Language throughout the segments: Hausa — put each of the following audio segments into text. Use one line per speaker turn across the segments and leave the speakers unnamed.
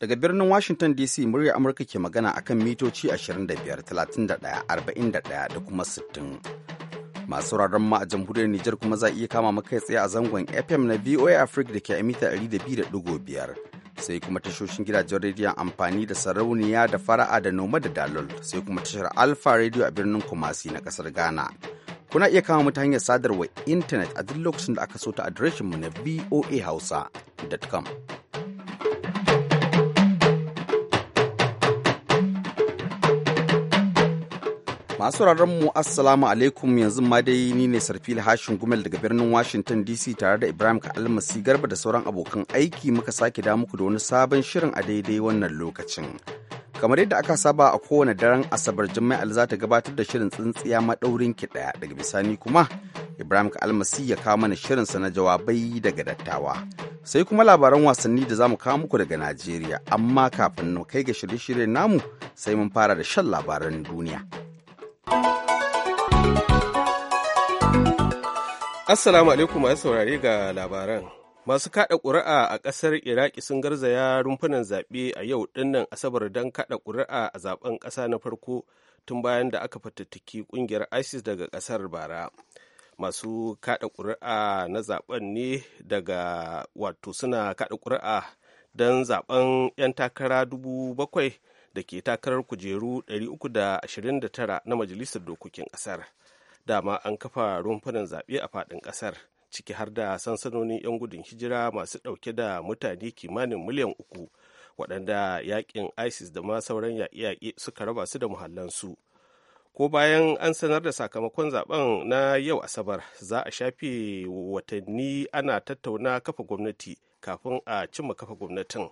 Daga birnin Washington DC murya Amurka ke magana akan mitoci 25, 31, 41 da kuma 60. Masu sauraron ma a jamhuriyar Nijar kuma za iya kama maka tsaye a zangon FM na VOA Africa da ke a mita 200.5. Sai kuma tashoshin gidajen rediyon amfani da sarauniya da fara'a da noma da dalol sai kuma tashar Alpha Radio a birnin Kumasi na kasar Ghana. Kuna iya kama mu ta hanyar sadarwa intanet a duk lokacin da aka so ta adireshinmu na voahausa.com. Masu mu Assalamu alaikum yanzu ma dai ni ne Sarfil Hashin Gumel daga birnin Washington DC tare da Ibrahim kalmasi Garba da sauran abokan aiki muka sake da muku da wani sabon shirin a daidai wannan lokacin. Kamar yadda aka saba a kowane daren Asabar Jummai'al za ta gabatar da shirin tsintsiya maɗaurin ki ɗaya daga bisani kuma Ibrahim kalmasi ya kawo mana shirinsa na jawabai daga dattawa. Sai kuma labaran wasanni da za mu kawo muku daga Najeriya amma kafin mu kai ga shirye-shiryen namu sai mun fara da shan labaran duniya. Assalamu alaikum masu saurare ga labaran. Masu kada
ƙuri'a a ƙasar Iraki sun garzaya rumfunan zaɓe a yau dinnan Asabar don kada ƙuri'a a zaben ƙasa na farko tun bayan da aka fatattaki ƙungiyar ISIS daga ƙasar bara. Masu kada ƙuri'a na zaben ne daga wato suna kada ƙuri'a don zaben 'yan takara dubu bakwai da ke takarar kujeru 329 na majalisar dokokin ƙasar dama an kafa rumfunan zaɓe a faɗin ƙasar ciki har da sansanonin 'yan gudun hijira masu ɗauke da mutane kimanin miliyan uku waɗanda yaƙin isis da ma sauran yaƙe-yaƙe suka raba su da muhallansu ko bayan an sanar da sakamakon zaben na yau asabar za a shafe watanni ana tattauna kafa gwamnati kafin a cimma kafa gwamnatin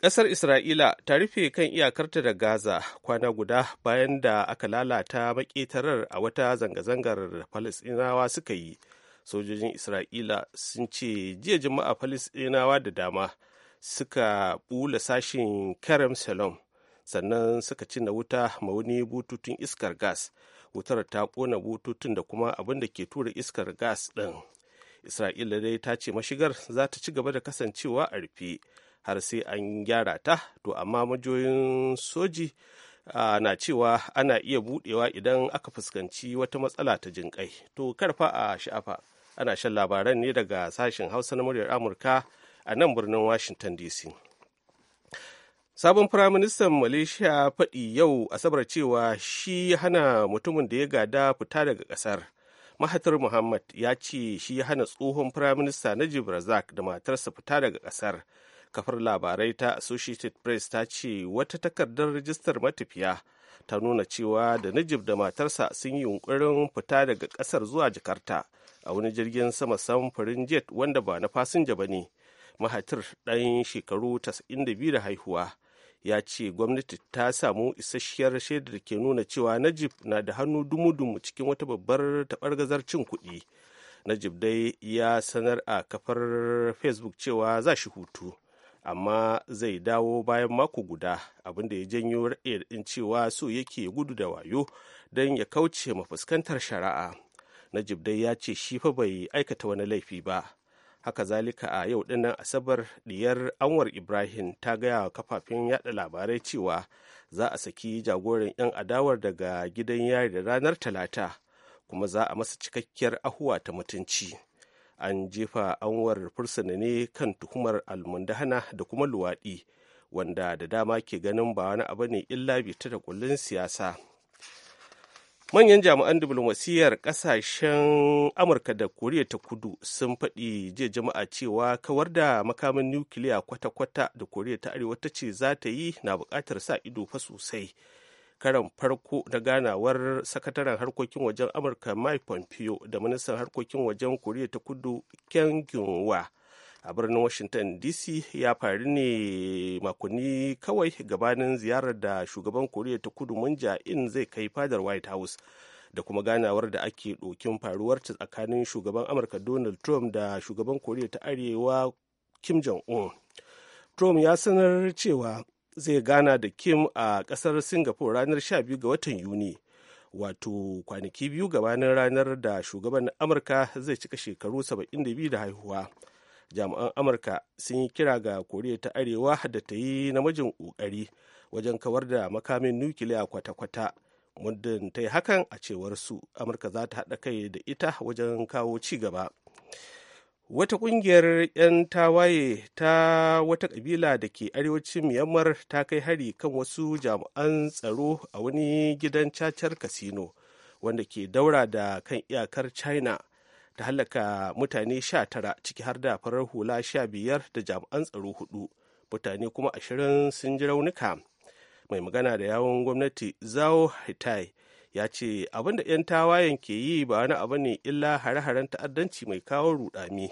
Ƙasar Isra'ila ta rufe kan iyakarta da Gaza kwana guda bayan da aka lalata maƙetarar a wata zanga-zangar da Falasɗinawa suka yi. Sojojin Isra'ila sun ce jiya juma'a Falasɗinawa da dama suka bula sashen Kerem Salom sannan suka cinna wuta mauni bututun iskar gas. Wutar ta ƙona bututun da kuma abin da ke tura iskar gas ɗin. Isra'ila dai ta ce mashigar za ta ci gaba da kasancewa a rufe. har sai an gyara ta to amma majoyin soji na cewa ana iya budewa idan aka fuskanci wata matsala ta jinƙai to karfa a sha'afa ana shan labaran ne daga sashen hausa na muryar amurka a nan birnin washington dc sabon firaministan malaysia faɗi yau asabar cewa shi hana mutumin da ya gada fita daga ƙasar mahatar muhammad ya ce shi ya hana tsohon firaminista najib razak da matarsa fita daga ƙasar kafar labarai ta associated press ta ce wata takardar rijistar matafiya ta nuna cewa da najib da matarsa sun yi yunkurin fita daga kasar zuwa jakarta a wani jirgin sama samfurin jet wanda ba na fasinja ba ne mahatir ɗan shekaru 92 da haihuwa ya ce gwamnati ta samu isasshiyar shaidar ke nuna cewa najib na da hannu dumu-dumu cikin wata babbar taɓar-gazar cin kuɗi najib dai ya sanar a kafar facebook cewa za shi hutu amma zai dawo bayan mako guda abinda ya janyo raɗaɗin cewa so yake gudu da wayo don ya kauce ma fuskantar shari'a najib dai ya ce shi fa bai aikata wani laifi ba haka zalika a yau dinnan asabar diyar anwar ibrahim ta gaya wa kafafen yada labarai cewa za a saki jagoran 'yan adawar daga gidan yari da ranar talata kuma za a masa cikakkiyar ahuwa ta mutunci. an jefa anwar fursuna ne kan tuhumar almundahana da kuma luwaɗi wanda da dama ke ganin ba wani abu ne illa bita da kullun siyasa manyan jami'an diplomasiyyar kasashen amurka da koriya ta kudu sun faɗi jiya jama'a cewa kawar da makamin nukiliya kwata-kwata da koriya ta arewa ta ce za ta yi na buƙatar sa ido fa sosai karan farko da ganawar sakataren harkokin wajen amurka mike pompeo da ministan harkokin wajen koriya ta kudu ken wa a birnin washington dc ya faru ne makonni kawai gabanin ziyarar da shugaban koriya ta kudu munja in zai kai fadar white house da kuma ganawar da ake ɗokin faruwarta tsakanin shugaban amurka donald trump da shugaban koriya ta arewa kim jong-un trump ya sanar cewa zai gana da kim a kasar singapore ranar 12 ga watan yuni wato kwanaki biyu gabanin ranar da shugaban amurka zai cika shekaru 72 da haihuwa jami'an amurka sun yi kira ga koriya ta arewa da ta yi namijin ƙoƙari wajen kawar da makamin nukiliya kwata-kwata muddin ta yi hakan a cewar su amurka za ta haɗa kai da ita wajen kawo ci gaba wata ƙungiyar 'yan tawaye ta wata ƙabila da ke arewacin myanmar ta kai hari kan wasu jami'an tsaro a wani gidan cacar casino wanda ke daura da kan iyakar china ta halaka mutane 19 ciki har da farar hula 15 da jami'an tsaro hudu mutane kuma 20 sun ji raunuka mai magana da yawon gwamnati zao hitai ya ce abinda 'yan tawayen ke yi ba wani abu ne illa hare-haren ta'addanci mai kawo rudami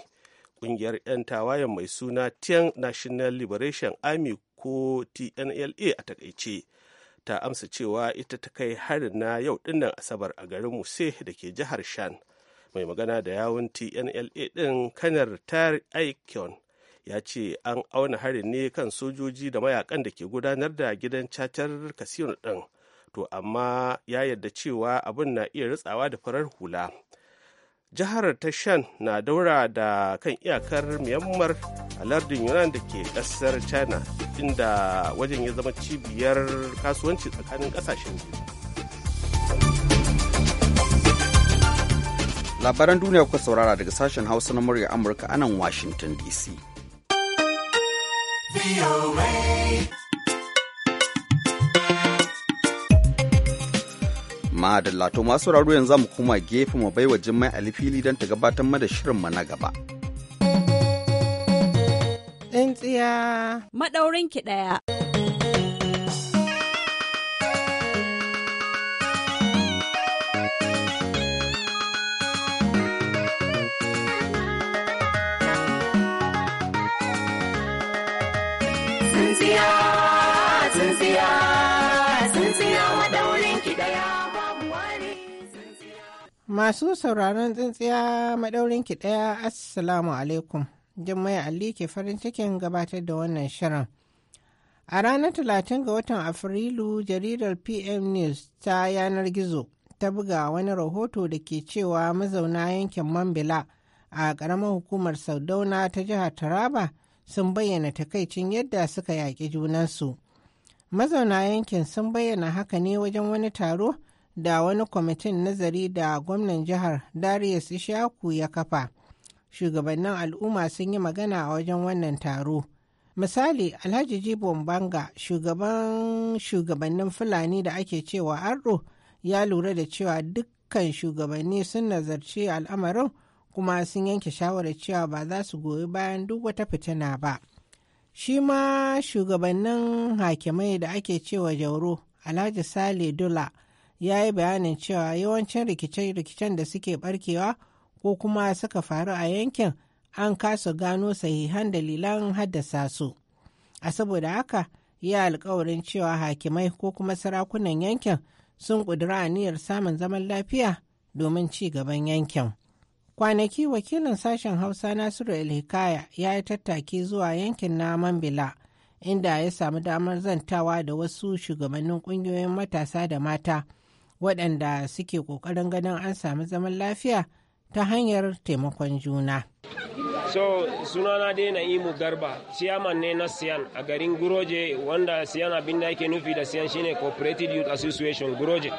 ƙungiyar 'yan tawayen mai suna tian national liberation army ko tnla a takaice ta amsa cewa ita ta kai harin na yau dinnan asabar a garin muse da ke jihar shan mai magana da yawun tnla din kanar tar aikion ya ce an auna harin ne kan sojoji da mayakan da ke gudanar da gidan cacar kasino din to amma ya yarda cewa abin na iya ritsawa da farar hula jihar tashan na daura da kan iyakar myanmar a lardin yunan da ke kasar china inda wajen ya zama cibiyar kasuwanci tsakanin kasashen biyu
labaran duniya kuka saurara daga sashen hausa na murya amurka anan washington dc Madalla to masu sauraro yanzu mu kuma gefe mu baiwa Jummai fili don ta gabatar mana mu na gaba.
Tsintsiya! tsiya. Maɗaurin ki ɗaya. Masu sauraron tsintsiya maɗaurin ki ɗaya Assalamu alaikum. Jummai Ali ke farin cikin gabatar da wannan shirin. A ranar talatin ga watan Afrilu jaridar PM News ta yanar gizo ta buga wani rahoto da ke cewa mazauna yankin Mambila a ƙaramar hukumar Saudauna ta jihar Taraba sun bayyana takaicin yadda suka yaƙi junansu. Mazauna yankin sun bayyana haka ne wajen wani taro da wani kwamitin nazari da gwamnan jihar Darius Ishaku ya kafa. Shugabannin al'umma sun yi magana a wajen wannan taro. Misali, Alhaji Jibon Banga, shugaban shugabannin Fulani da ake cewa Ardo, ya lura da cewa dukkan shugabanni sun nazarci al'amarin kuma sun yanke shawarar cewa ba za su goyi bayan duk wata fitina ba. Shi ma shugabannin hakimai da ake cewa Jauro, Alhaji Sale Dula, ya yi bayanin cewa yawancin rikice-rikicen da suke barkewa ko kuma suka faru a yankin an kasa gano sahihan dalilan haddasa su a saboda haka ya alkawarin cewa hakimai ko kuma sarakunan yankin sun ƙudura aniyar samun zaman lafiya domin ci gaban yankin kwanaki wakilin sashen hausa nasiru ilhikaya ya yi tattaki zuwa yankin na mambila inda ya samu damar zantawa da wasu shugabannin ƙungiyoyin matasa da mata waɗanda suke ƙoƙarin ganin an samu zaman lafiya ta hanyar taimakon juna.
so sunana dai na'imu garba ciyaman ne na siyan a garin guroje wanda siyan abin da yake nufi da siyan shine cooperative youth association guroje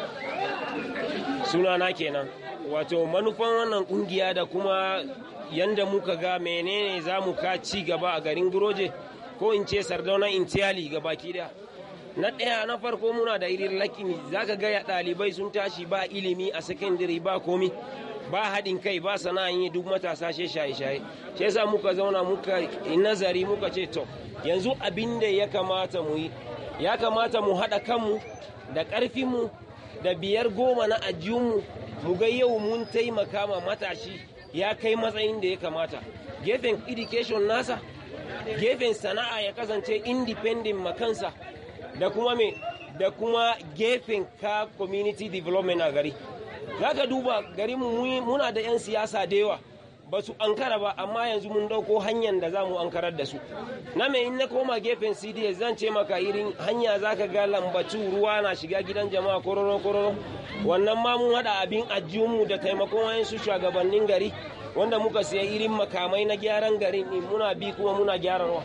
sunana kenan wato manufan wannan kungiya da kuma yanda muka ga menene za mu ka ci gaba a garin guroje ko in ce sardauna intiyali ga baki da na ɗaya na farko muna da irin lakini zaka gaya ɗalibai sun tashi ba ilimi a sakandare ba komi ba haɗin kai ba sana'a yi duk matasa shi shaye-shaye shi yasa muka zauna muka nazari muka ce to yanzu abin da ya kamata mu yi ya kamata mu haɗa kanmu da ƙarfinmu da biyar goma na ajiyunmu mu ga yau mun taimaka ma matashi ya kai matsayin da ya kamata gefen education nasa gefen sana'a ya kasance independent makansa da kuma me da kuma gefen ka community development a gari zaka duba gari muna da 'yan siyasa da yawa ba su ankara ba amma yanzu mun dauko hanyar da za mu ankarar da su na me in na koma gefen cds zan ce maka irin hanya za ka ga lambatu ruwa na shiga gidan jama'a kororo kororo wannan ma mun hada abin ajiyunmu da taimakon wayansu shugabannin gari wanda muka siya irin makamai na gyaran garin muna bi kuma muna gyararwa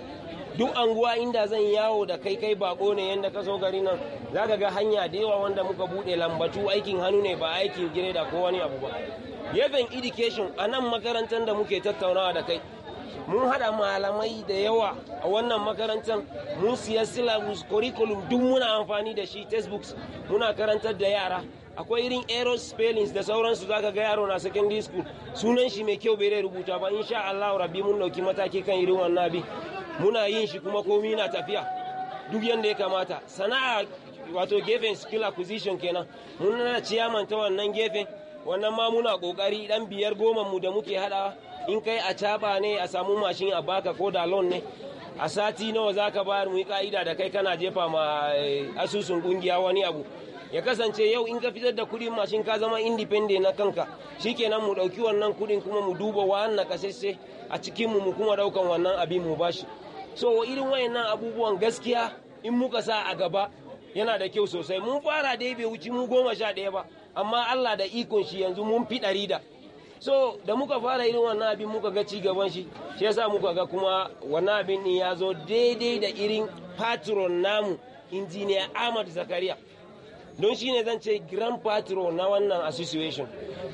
duk anguwa inda zan yawo da kai kai bako ne yanda ka so gari nan zaka ga hanya da yawa wanda muka bude lambatu aikin hannu ne ba aikin gire da ko wani abu ba gefen education a nan makarantar da muke tattaunawa da kai mun hada malamai da yawa a wannan makarantar mun siya syllabus curriculum duk muna amfani da shi textbooks muna karantar da yara akwai irin aero spellings da sauransu zaka ga yaro na secondary school sunan shi mai kyau bai rubuta ba insha Allah rabbi mun dauki mataki kan irin wannan abin muna yin shi kuma komi na tafiya duk yadda ya kamata sana'a wato gefen skill acquisition kenan muna ciyaman ta wannan gefen wannan ma muna kokari dan biyar goman mu da muke hadawa in kai a caba ne a samu mashin a baka ko da loan ne a sati nawa zaka bayar mu yi ka'ida da kai kana jefa ma eh, asusun kungiya wani abu ya kasance yau in ka fitar da kuɗin mashin ka zama independent na kanka shikenan mu ɗauki wannan kuɗin kuma mu duba wa'an na kasashe a cikin mu kuma ɗaukan wannan abin mu bashi so irin wayannan abubuwan gaskiya in muka sa a gaba yana da kyau sosai mun fara dai bai wuce mu goma sha ɗaya ba amma Allah da ikon shi yanzu mun fi ɗari da so da muka fara irin wannan abin muka ga ci gaban shi shi yasa muka ga kuma wannan abin din ya zo daidai da irin patron namu injiniya Ahmad Zakariya don shi ne zan ce grand patron na wannan association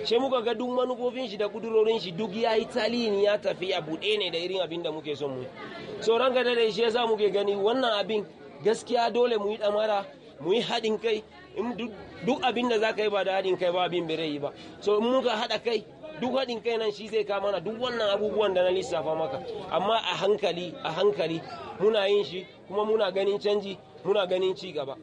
shi muka ga duk manufofin shi da kudurorin shi duk ya yi taliyin ya tafi a buɗe ne da irin abin da muke son mu so ranka da shi mu muke gani wannan abin gaskiya dole mu yi damara mu yi haɗin kai duk abin da za ka yi ba da haɗin kai ba abin bai yi ba so in muka haɗa kai duk haɗin kai nan shi zai kama na duk wannan abubuwan da na lissafa maka amma a hankali a hankali muna yin shi kuma muna ganin canji muna ganin ci gaba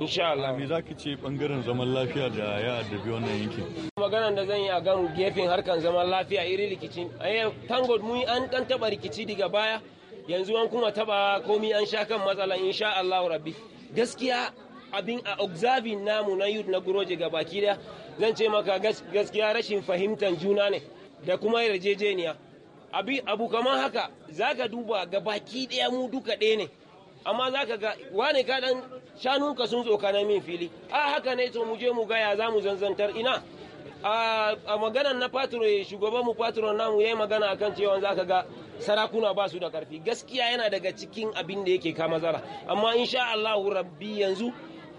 insha Allah me zaki ce bangaren zaman lafiya da ya addabi wannan yankin
maganar da zan yi a gan gefen harkan zaman lafiya iri rikicin a eh, tango mun an dan taba rikici daga baya yanzu an kuma taba komi an sha kan matsala insha Allah rabbi gaskiya abin a observing namu na youth na guroje ga baki da zan ce maka gaskiya rashin fahimtar juna ne da kuma yarjejeniya abi abu kamar haka zaka duba ga baki daya mu duka ɗaya ne amma zaka ga wane ka dan shanunka sun tsoka na min fili a haka ne to mu je mu ga ya zamu zanzantar ina a maganan na patron shugaban mu patron namu yayi magana akan cewa zaka ga sarakuna ba su da karfi gaskiya yana daga cikin abin da yake kama zara amma insha Allah rabbi yanzu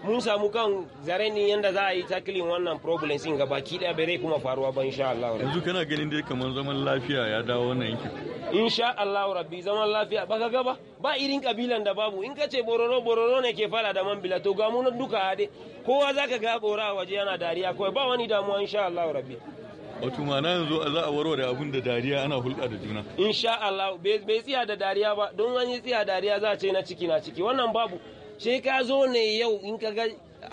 mun samu kan zare ni yanda za a yi tackling wannan problem sin ga baki daya bai zai kuma faruwa ba insha Allah yanzu
kana ganin dai kamar zaman lafiya ya dawo wannan yankin
insha Allah rabbi zaman lafiya baka ga ba ba irin kabilan da babu in ka ce bororo bororo ne ke fara da mambila to ga mu duka hade kowa zaka ga bora waje yana dariya kawai ba wani damuwa insha Allah rabbi
wato mana yanzu za a warware abun da dariya ana hulɗa da juna
insha Allah bai tsiya da dariya ba don an yi tsiya dariya za a ce na ciki na ciki wannan babu sai ka zo ne yau in ka ga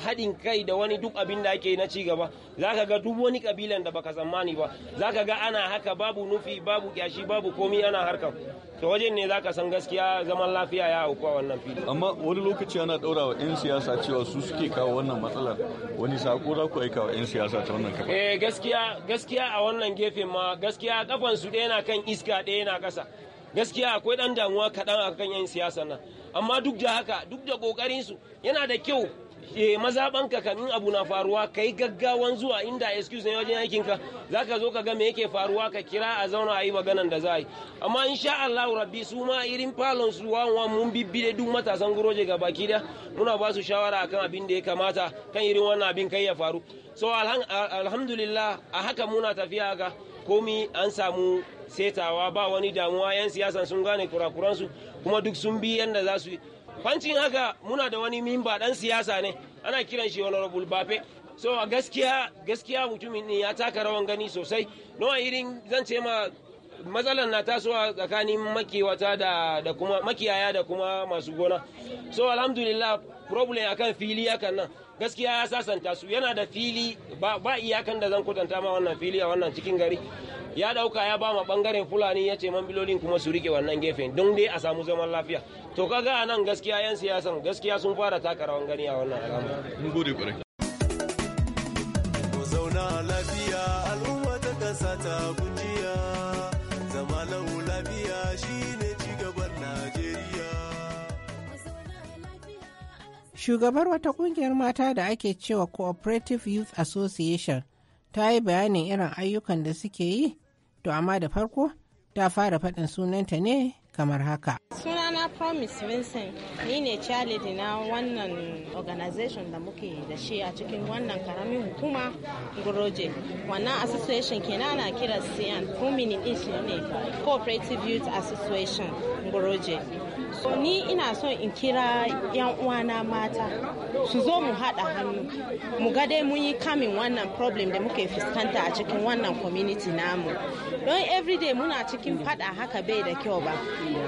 haɗin kai da wani duk abin da ake na ci gaba za ka ga duk wani kabilan da baka tsammani ba za ka ga ana haka babu nufi babu kyashi babu komi ana harkar to wajen ne za ka san gaskiya zaman lafiya ya auku a wannan fili
amma wani lokaci ana ɗaura wa 'yan siyasa cewa su suke kawo wannan matsalar wani sako za ku aika wa 'yan siyasa ta wannan kafa
eh gaskiya gaskiya a wannan gefen ma gaskiya kafan su ɗaya na kan iska ɗaya na ƙasa gaskiya akwai ɗan damuwa kaɗan akan 'yan siyasa nan amma duk da haka duk da kokarin su yana da kyau e, kan min abu na faruwa ka yi gaggawan zuwa inda excuse ne wajen aikinka za ka zo ka ga me yake faruwa ka kira a zauna a yi maganan da za yi amma insha Allah rabbi su ma irin falon su wa mun bibbide duk matasan guroje ga baki da muna ba su shawara akan abin da ya kamata kan irin wannan abin kai ya faru so alhamdulillah a haka muna tafiya ga komi an samu setawa ba wani damuwa 'yan siyasan sun gane kurakuransu kuma duk sun bi yadda za su yi fancin haka muna da wani mimba dan siyasa ne ana kiran shi honorable bafe so a gaskiya gaskiya mutumin ya taka rawan gani sosai nawa irin zan ce ma matsalar na tasowa tsakanin makiwata da, da kuma makiyaya da kuma masu gona so alhamdulillah problem akan fili hakan nan gaskiya ya sasanta su yana da fili ba iyakan da zan kutanta ma wannan fili a wannan cikin gari ya dauka ya ba ma bangaren fulani ya ce mambilolin kuma su rike wannan gefen don dai a samu zaman lafiya to kaga a nan gaskiya yan siyasan gaskiya sun fara taka rawan gani a wannan
alama lafiya al'umma ta kasa ta guji
Shugabar wata kungiyar mata da ake cewa Cooperative Youth Association ta yi bayanin irin ayyukan da suke yi, to amma da farko ta fara faɗin sunanta ne kamar haka.
Sunana Promise Vincent ni ne charlie na wannan organization da muke da shi a cikin wannan karamin hukuma Guroje. Wannan association kenan na kira siyan Women in ne Cooperative Youth Association Guroje. ni ina son in kira yan uwana mata su zo mu haɗa hannu mu ga dai mun yi kamin wannan problem da muke fuskanta a cikin wannan community namu don everyday muna cikin fada haka bai da kyau ba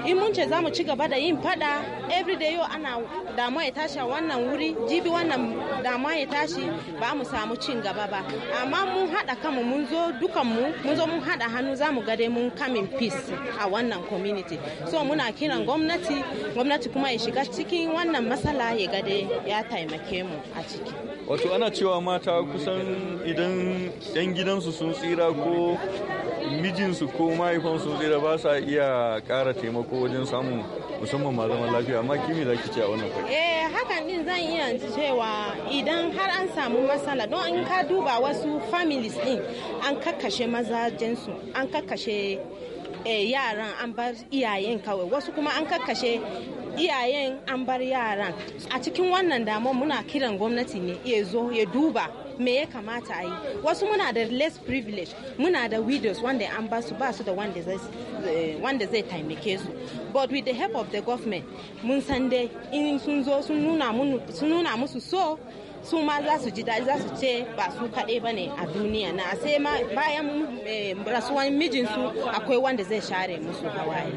in mun ce za mu ci gaba da yin fada everyday yau ana damuwa ya tashi a wannan wuri jibi wannan damuwa ya tashi ba mu samu cin gaba ba amma mun haɗa kanmu mun zo mu mun zo mun haɗa hannu za mu ga dai mun kamin peace a wannan community so muna kiran gwamnati gwamnati kuma ya shiga cikin wannan matsala ya gade ya taimake mu a ciki
wato ana cewa mata kusan idan 'yan gidansu sun tsira ko mijinsu ko mahaifansu tsira ba sa iya kara taimako wajen samun musamman ma zaman lafiya amma kimi za ki ce a wannan
Eh hakan din zan iya cewa idan har an samu matsala don in ka duba wasu families din an kakkashe mazajensu an kakkashe Eh, yaran an bar iyayen kawai wasu kuma an kakkashe iyayen an bar yaran a cikin wannan damar muna kiran gwamnati ne ya zo ya duba me ya kamata a yi wasu muna da less privilege muna da widows wanda an ba su ba su da wanda zai eh, taimake su but with the help of the government mun san dai in sun zo sun nuna musu so su ma za su ji daji za su ce ba su kaɗai ba ne a duniya na sai bayan eh, rasuwan mijinsu akwai wanda zai share musu hawaye.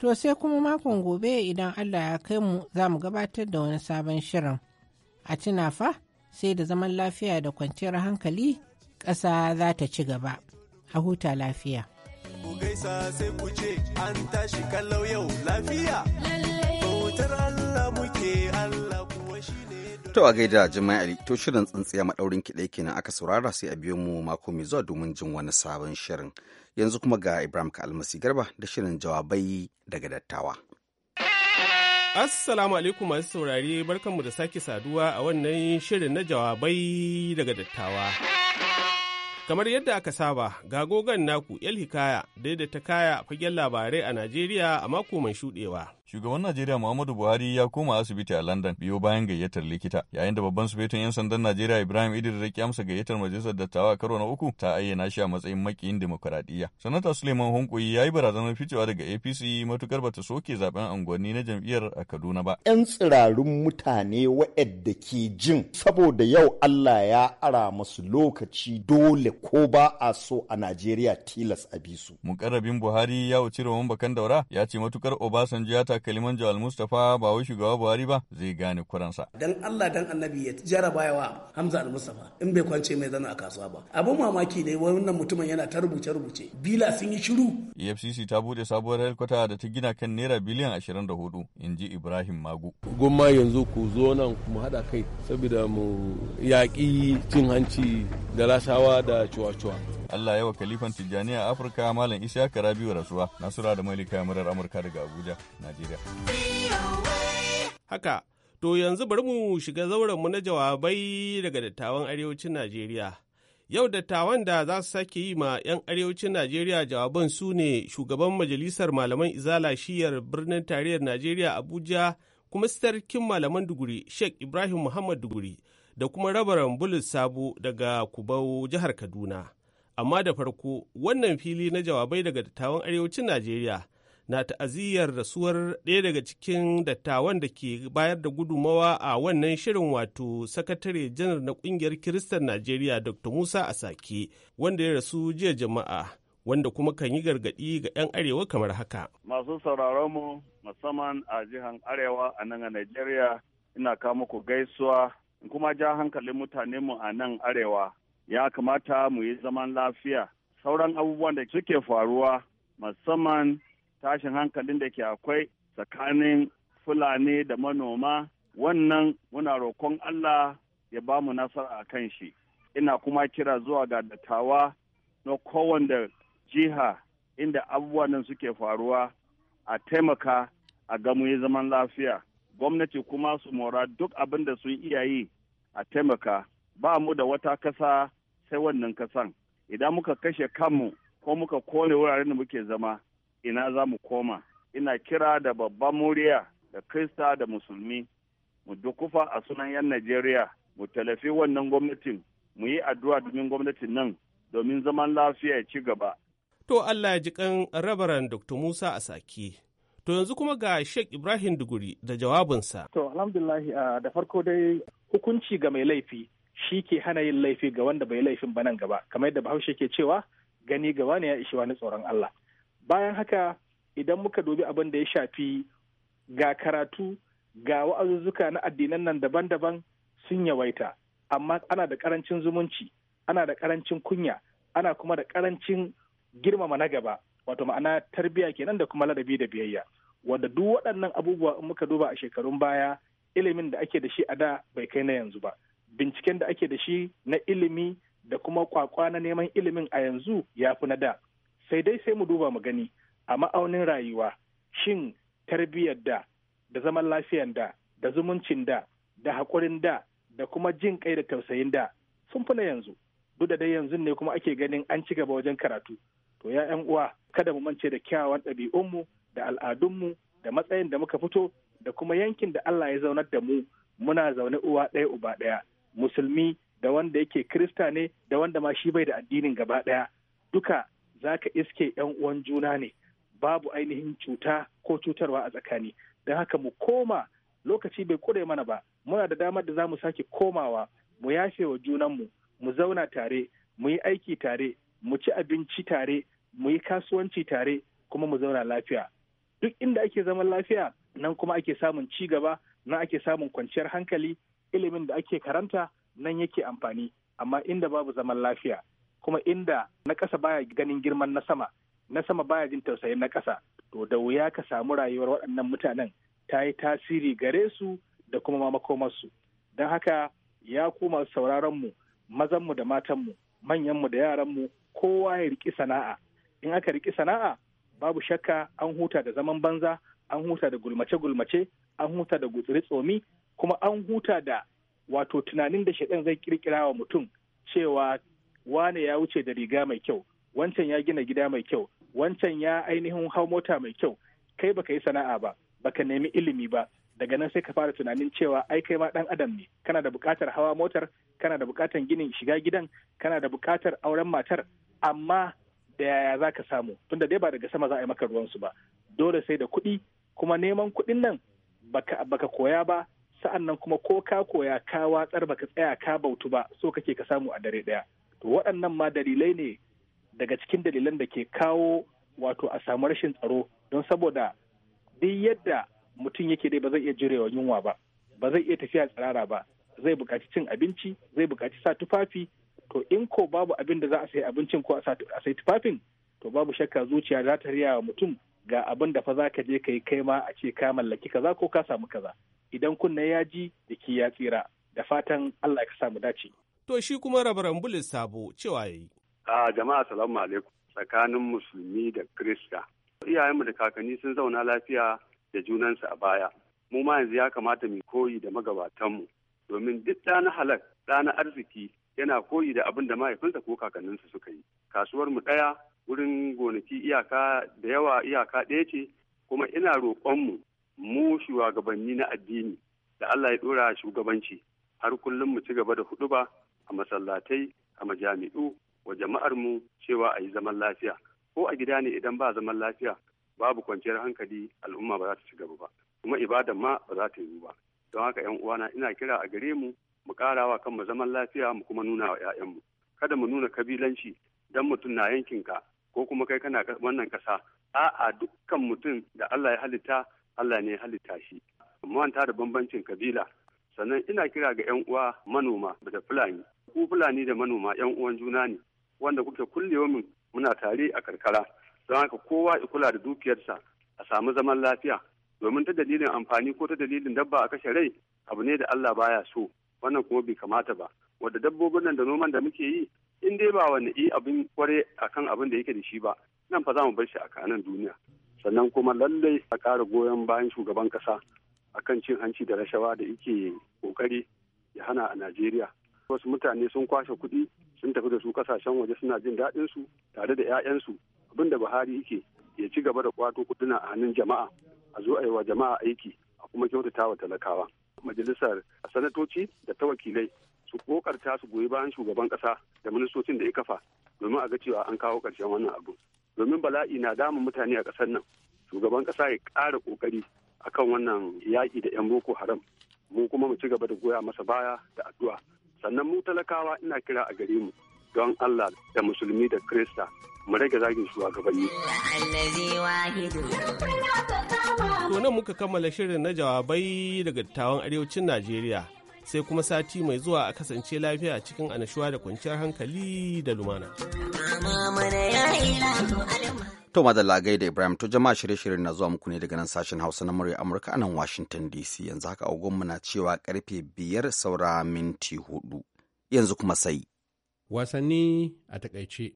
To sai kuma makon gobe idan Allah ya kai mu za mu gabatar da wani sabon shirin. A cina fa sai da zaman lafiya da kwanciyar hankali ƙasa za ta ci gaba. A huta lafiya.
Ku gaisa sai ku ce an tashi kallau yau lafiya. bautar Allah muke Allah kuwa shi
ne To a gaida Jimai to shirin tsintsiya maɗaurin kiɗe kenan aka saurara sai a biyo mu mako mai zuwa domin jin wani sabon shirin. Yanzu kuma ga Ibrahim Kalmasi Garba da shirin jawabai daga dattawa.
Assalamu alaikum masu saurare barkanmu da sake saduwa a wannan shirin na jawabai daga dattawa. Kamar yadda aka saba, ga gogon naku 'yar Hikaya daidaita kaya fagen labarai a Najeriya a mako mai shuɗewa.
Shugaban Najeriya Muhammadu Buhari ya koma asibiti a London biyo bayan gayyatar likita, yayin da babban sufetun 'yan sandan Najeriya Ibrahim Idris Raki amsa gayyatar majalisar dattawa karo na uku ta ayyana shi a matsayin makiyin demokuraɗiyya. Sanata Suleiman Hunkuyi ya yi barazanar ficewa daga APC matukar bata soke zaben unguwanni na jam'iyyar a Kaduna ba.
'Yan tsirarun mutane waɗanda ke jin saboda yau Allah ya ara masu lokaci dole ko ba a so a Najeriya
tilas a bisu. Mukarrabin Buhari ya wuce Roman Bakan Daura ya ce matukar Obasanjo ya kaliman jawal mustapha ba wai shugaba buhari ba zai gane kuransa
dan allah dan annabi ya jarabawa hamza al mustapha in bai kwance mai zana a kasuwa ba abin mamaki ne wannan mutumin yana ta rubuce rubuce bila sun yi shiru
efcc ta bude sabuwar helkwata da ta gina kan naira biliyan 24 in ji ibrahim magu
gumma yanzu ku zo nan mu haɗa kai saboda mu
yaƙi cin hanci da lasawa da cuwa-cuwa Allah wa kalifan Tijjani a Afirka Malam Isiyaka Rabiu rasuwa Nasura da Malika murar Amurka daga Abuja, Najeriya. Haka, to yanzu bari mu shiga zauren mu na jawabai
daga dattawan arewacin Najeriya. Yau dattawan da za su sake yi ma 'yan arewacin Najeriya jawaban su ne shugaban majalisar malaman izala shiyar birnin tarayyar Najeriya Abuja kuma sarkin malaman duguri Sheikh Ibrahim Muhammad duguri da kuma rabaran bulus sabo daga kubau jihar Kaduna. amma da farko wannan fili na jawabai daga dattawan arewacin najeriya na ta'aziyar rasuwar ɗaya daga cikin dattawan da ke bayar da gudumawa a wannan shirin wato sakatare janar na ƙungiyar kiristan najeriya dr musa asake wanda ya rasu jiya jama'a wanda kuma kan yi gargaɗi ga 'yan arewa kamar haka
masu sauraron mu musamman a jihar arewa a nan a najeriya ina kawo muku gaisuwa kuma ja hankalin mutanenmu a nan arewa ya kamata mu yi zaman lafiya sauran abubuwan da suke faruwa musamman tashin hankalin da ke akwai tsakanin fulani da manoma wannan muna roƙon allah ya ba mu nasara a kan shi ina kuma kira zuwa ga dattawa na kowanne jiha inda abubuwan nan suke faruwa a taimaka a gamu yi zaman lafiya gwamnati kuma su mora duk abin da sun iya yi a taimaka ba mu da wata kasa sai wannan kasan idan muka kashe kanmu ko muka kone wuraren da muke zama ina za mu koma ina kira da babban muriya da krista da musulmi mu dukufa a sunan 'yan najeriya mu talafi wannan gwamnatin mu yi addu'a domin gwamnatin nan domin zaman lafiya ya ci gaba
to allah ya ji kan rabaran dr musa a saki to yanzu kuma ga sheikh ibrahim duguri da jawabinsa
to alhamdulillah ah, da farko dai hukunci ga mai laifi shi ke hana yin laifi ga wanda bai laifin ba nan gaba kamar yadda bahaushe ke cewa gani gaba ne ya ishi wani tsoron Allah bayan haka idan muka dubi abin da ya shafi ga karatu ga wa'azuzzuka na addinan nan daban-daban sun yawaita amma ana da karancin zumunci ana da karancin kunya ana kuma da karancin girmama na gaba wato ma'ana tarbiyya kenan da kuma ladabi da biyayya wanda duk waɗannan abubuwa in muka duba a shekarun baya ilimin da ake da shi a da bai kai na yanzu ba binciken da ake da shi na ilimi da kuma kwakwa na neman ilimin a yanzu ya fi na da sai dai sai mu duba mu gani a ma'aunin rayuwa shin tarbiyyar da da zaman lafiyar da da zumuncin da da haƙurin da da kuma jin kai da tausayin da sun fi na yanzu duk da dai yanzu ne kuma ake ganin an ci gaba wajen karatu to ya yan uwa kada mu mance da kyawawan ɗabi'unmu da al'adunmu da matsayin da muka fito da kuma yankin da Allah ya zaunar da mu muna zaune uwa ɗaya uba ɗaya musulmi da wanda yake krista ne da wanda ma shi bai da addinin gaba daya. duka za ka iske yan uwan juna ne babu ainihin cuta ko cutarwa a tsakani don haka mu koma lokaci bai kure mana ba muna da damar da za mu sake komawa mu yafe wa junanmu mu zauna tare mu yi aiki tare mu ci abinci tare mu yi kasuwanci tare kuma mu zauna lafiya duk inda ake zaman lafiya nan kuma ake samun ci gaba nan ake samun kwanciyar hankali ilimin da ake karanta nan yake amfani amma inda babu zaman lafiya kuma inda na ƙasa baya ganin girman na sama na sama baya jin tausayin na ƙasa to da wuya ka samu rayuwar waɗannan mutanen ta yi tasiri gare su da kuma makomarsu don haka ya ku sauraronmu mazanmu da matanmu manyanmu da yaranmu kowa ya riƙi sana'a in aka riƙi sana'a babu shakka an huta da zaman banza an huta da gulmace-gulmace an huta da gutsiri tsomi kuma an huta da wato tunanin da shaɗan zai kirkira wa mutum cewa wane ya wuce da riga mai kyau wancan ya gina gida mai kyau wancan ya ainihin hau mota mai kyau kai baka yi sana'a ba baka nemi ilimi ba daga nan sai ka fara tunanin cewa ai kai ma dan adam ne kana da buƙatar hawa motar kana da buƙatar ginin shiga gidan kana da buƙatar auren matar amma da yaya za ka samu tunda dai ba daga sama za a yi maka ruwansu ba dole sai da kuɗi kuma neman kuɗin nan baka, baka koya ba sa'an kuma ko ka koya ka watsar baka tsaya ka bautu ba so kake ka samu a dare ɗaya to waɗannan ma dalilai ne daga cikin dalilan da ke kawo wato a samu rashin tsaro don saboda duk yadda mutum yake dai ba zai iya jirewa yunwa ba ba zai iya tafiya tsirara ba zai buƙaci cin abinci zai buƙaci sa tufafi to in ko babu abin da za a sayi abincin ko a sai tufafin to babu shakka zuciya za ta riya wa mutum ga abin da fa za ka je ka yi kai ma a ce ka mallaki kaza ko ka samu kaza idan kunne ya ji jiki ya tsira da fatan Allah ya samu dace.
To shi kuma rabaran bulis sabo cewa ya yi.
A jama'a salamu alaikum tsakanin musulmi da krista. Iyayenmu da kakanni sun zauna lafiya da junansu a baya. Mu ma yanzu ya kamata mu koyi da magabatanmu domin duk ɗana halak na arziki yana koyi da abin da mahaifinsa ko kakanninsu suka yi. Kasuwar mu ɗaya wurin gonaki iyaka da yawa iyaka ɗaya ce kuma ina roƙonmu mu shugabanni na addini da Allah ya dora shugabanci har kullum mu ci gaba da huduba a masallatai a majami'u wa jama'ar mu cewa a yi zaman lafiya ko a gida ne idan ba zaman lafiya babu kwanciyar hankali al'umma ba za ta ci gaba ba kuma ibadan ma ba za ta yi ba don haka yan uwana ina kira a gare mu mu karawa kanmu zaman lafiya mu kuma nuna wa 'ya'yanmu kada mu nuna kabilanci dan mutum na yankinka ko kuma kai kana wannan ƙasa a'a dukkan mutum da Allah ya halitta Allah ne halitta shi manta da bambancin kabila sannan ina kira ga yan uwa manoma da fulani ku fulani da manoma yan uwan juna ne wanda kuke kullewa muna tare a karkara don haka kowa ya kula da dukiyarsa a samu zaman lafiya domin ta dalilin amfani ko ta dalilin dabba a kashe rai abu ne da Allah baya so wannan kuma bai kamata ba wadda dabbobin nan da noman da muke yi in dai ba wani abin kware akan abin da yake da shi ba nan fa za mu bar shi a kanan duniya sannan kuma lallai a ƙara goyon bayan shugaban ƙasa akan cin hanci da rashawa da yake ƙoƙari ya hana a najeriya wasu mutane sun kwashe kuɗi sun tafi da su ƙasashen waje suna jin daɗin su tare da 'ya'yansu abinda buhari yake ya ci gaba da kwato kuɗina a hannun jama'a a zo a yi wa jama'a aiki a kuma kyautata wa talakawa majalisar sanatoci da ta wakilai su kokarta su goyi bayan shugaban ƙasa da ministocin da ya kafa domin a ga cewa an kawo ƙarshen wannan abu domin bala'i na damun mutane a ƙasar nan shugaban ƙasa ya ƙara ƙoƙari akan wannan yaƙi da 'yan boko haram mu kuma mu ci gaba da goya masa baya da addu'a sannan mu talakawa ina kira a gare mu don Allah da musulmi da krista mu rage
zagin shugabanni.
To nan muka kammala shirin na jawabai daga dattawan arewacin Najeriya sai kuma sati mai zuwa a kasance lafiya cikin anashuwa da kwanciyar hankali da lumana.
To madalla da Ibrahim to jama'a shirye-shiryen na zuwa muku ne daga nan sashen Hausa na murya Amurka a nan Washington DC yanzu haka agogonmu na cewa karfe biyar saura minti hudu yanzu kuma sai.
Wasanni a takaice.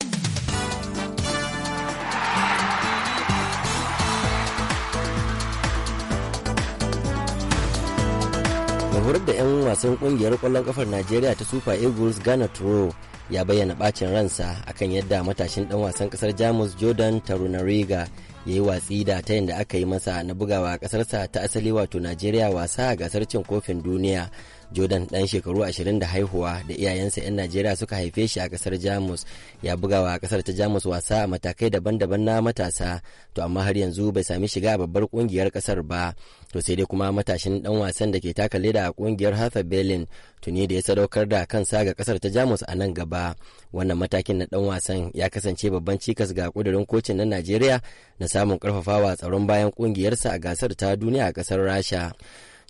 Gaburar da 'yan wasan kungiyar kwallon kafar Najeriya ta Super Eagles Ghana Turo ya bayyana bacin ransa akan yadda matashin dan wasan kasar jamus jordan tarunariga ya yi watsi da ta da aka yi masa na bugawa kasarsa ta asali wato najeriya wasa a gasar cin kofin duniya jordan dan shekaru ashirin da haihuwa da iyayensa 'yan najeriya suka haife shi a kasar jamus ya bugawa kasar ta jamus wasa a matakai daban-daban na matasa to amma har yanzu bai sami shiga a babbar kungiyar kasar ba to sai dai kuma matashin dan wasan da ke taka leda a kungiyar hafa berlin tuni da ya sadaukar da kansa ga kasar ta jamus a nan gaba wannan matakin na dan wasan ya kasance babban cikas ga kudurin kocin na najeriya na samun karfafawa tsaron bayan kungiyarsa a gasar ta duniya a kasar rasha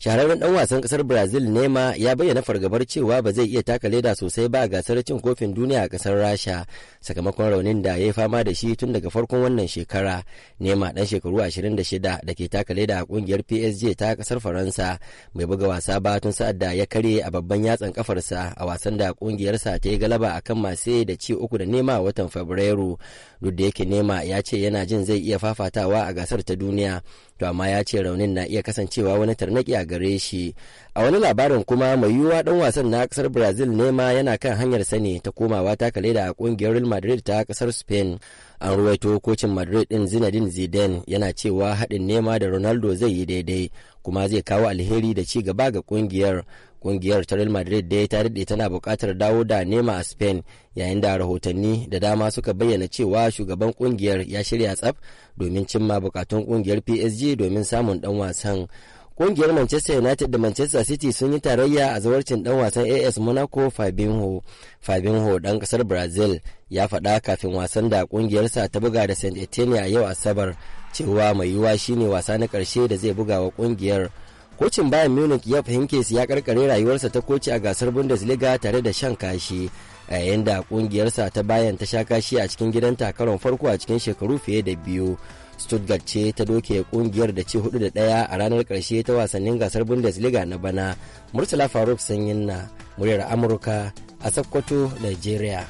shahararren dan wasan kasar brazil nema ya bayyana fargabar cewa ba zai iya taka leda sosai ba a gasar cin kofin duniya a kasar rasha sakamakon raunin da ya yi fama da shi tun daga farkon wannan shekara nema dan shekaru 26 da ke taka leda a kungiyar psg ta kasar faransa mai buga wasa ba tun sa'ad da ya kare a babban yatsan kafarsa a wasan da kungiyarsa ta yi galaba a kan masu da ci uku da nema a watan fabrairu duk da yake nema ya ce yana jin zai iya fafatawa a gasar ta duniya to amma ya ce raunin na iya kasancewa wani tarnaki a gare shi a wani labarin kuma mai yiwuwa dan wasan na kasar brazil nema yana kan hanyar sani ta komawa takalada a kungiyar real madrid ta kasar spain an ruwaito kocin madrid din zinedine zidane yana cewa haɗin nema da ronaldo zai yi daidai kuma zai kawo alheri da ci gaba ga kungiyar Ƙungiyar ta Real Madrid ya ta daɗe tana buƙatar dawo da nema a Spain yayin da rahotanni da dama suka bayyana cewa shugaban ƙungiyar ya shirya tsaf domin cimma buƙatun ƙungiyar PSG domin samun dan wasan. kungiyar manchester united da manchester city sun yi tarayya a zawarcin dan wasan as monaco fabinho fabinho dan kasar brazil ya faɗa kafin wasan da kungiyarsa ta buga da saint etienne a yau asabar cewa mai yiwuwa shine wasa na karshe da zai buga wa kungiyar kocin bayan munich ya fahimke su ya karkare rayuwarsa ta koci a gasar bundesliga tare da shan kashi a yayin da kungiyarsa ta bayan ta sha kashi a cikin gidan takarar farko a cikin shekaru fiye da biyu stuttgart ce ta doke kungiyar da ce hudu da daya a ranar karshe ta wasannin gasar bundesliga na bana murtala faruk sanyin na muryar amurka a sokoto nigeria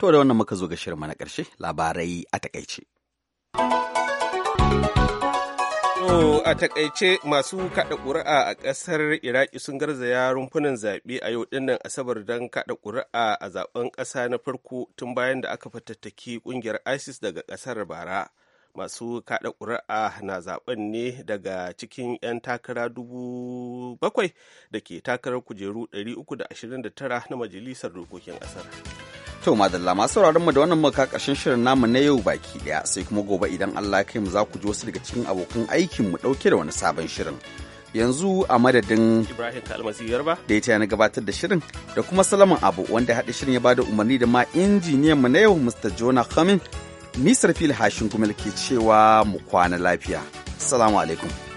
to da wannan muka zo ga shirma na karshe labarai a takaice.
To a takaice masu kada ƙuri'a a ƙasar Iraki sun garzaya rumfunan zaɓe a yau dinnan Asabar don kada ƙuri'a a zaɓen ƙasa na farko tun bayan da aka fatattaki ƙungiyar ISIS daga ƙasar bara. Masu kada ƙuri'a na zaɓen ne daga cikin 'yan takara dubu bakwai da ke takarar kujeru 329 na majalisar dokokin ƙasar.
To madalla masu sauraron mu da wannan muka ƙarshen shirin namu na yau baki daya sai kuma gobe idan Allah ya kai mu za ku ji wasu daga cikin abokan aikin mu dauke da wani sabon shirin. Yanzu a madadin Ibrahim Kalmasi Yarba da ya na gabatar da shirin da kuma Salaman Abu wanda haɗa shirin ya bada umarni da ma injiniyan mu na yau Mr. Jonah Cumming. Nisar fil hashin kuma ke cewa mu kwana lafiya. Assalamu alaikum.